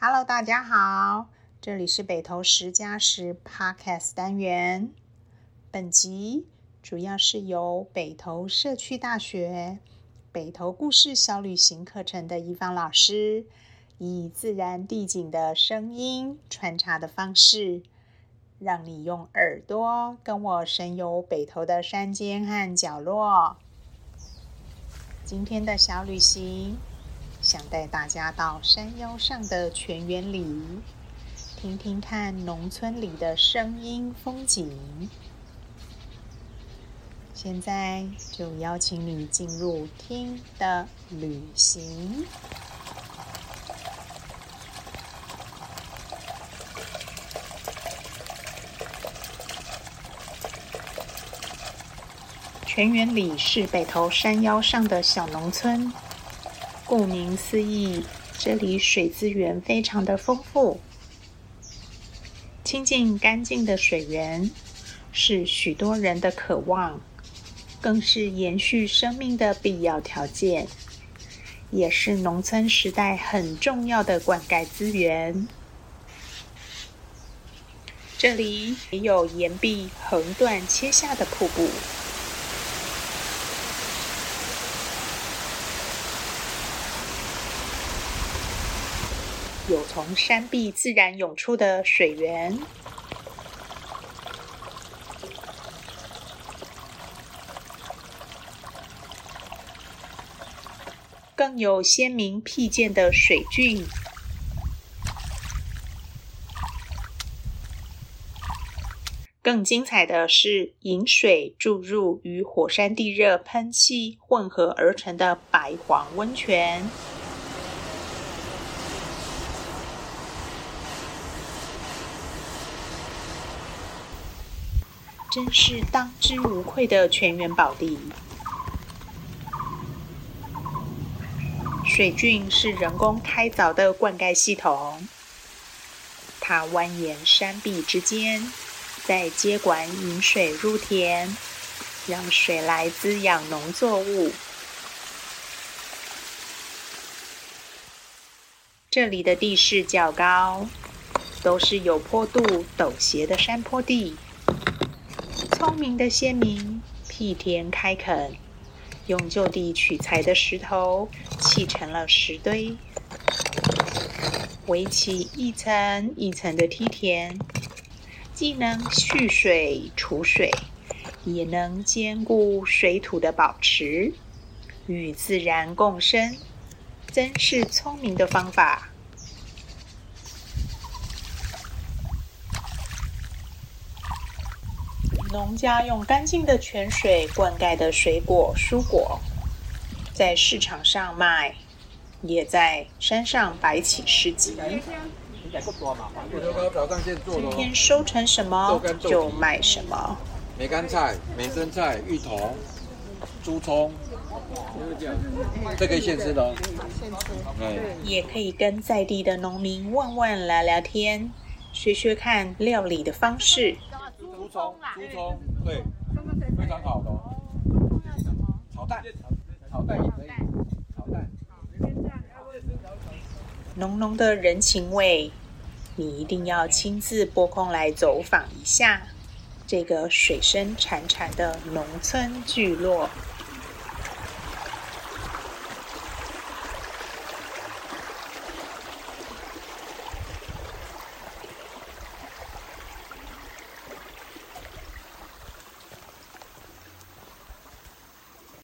Hello，大家好，這裡是北投十加十 Podcast 單元。本集主要是由北投社區大學北投故事小旅行課程的伊芳老師，以自然地景的聲音穿插的方式，讓你用耳朵跟我神遊北投的山間和角落。今天的小旅行。想帶大家到山腰上的泉源里，聽聽看農村裡的聲音風景，現在就邀請你進入聽的旅行。泉源里是北投山腰上的小農村。顧名思義，這裡水資源非常的豐富。清淨乾淨的水源是許多人的渴望，更是延續生命的必要條件，也是農村時代很重要的灌溉資源。這裡也有岩壁橫斷切下的瀑布。有從山壁自然湧出的水源，更有先民闢建的水圳。更精彩的是，引水注入與火山地熱噴氣混合而成的白磺溫泉。真是當之無愧的泉源寶地。水圳是人工開鑿的灌溉系統，它蜿蜒山壁之間，在接管引水入田，讓水來滋養農作物。這裡的地勢較高，都是有坡度、陡斜的山坡地。聰明的先民闢田開墾，用就地取材的石頭砌成了石堆，圍起一層一層的梯田，既能蓄水儲水，也能兼顧水土的保持，與自然共生，真是聰明的方法。農家用乾淨的泉水灌溉的水果蔬果，在市場上賣，也在山上擺起市集。今天，今天收成什麼豆豆就賣什麼。梅干菜、梅生菜、芋頭、珠蔥，嗯、這個可以現吃嘍。也可以跟在地的農民問問、聊聊天，學學看料理的方式。蔥豬蔥，蔥蔥對，非常好的。哦。什麼炒蛋，炒蛋也可以，炒蛋。濃濃的人情味，你一定要親自撥空來走訪一下這個水聲潺潺的農村聚落。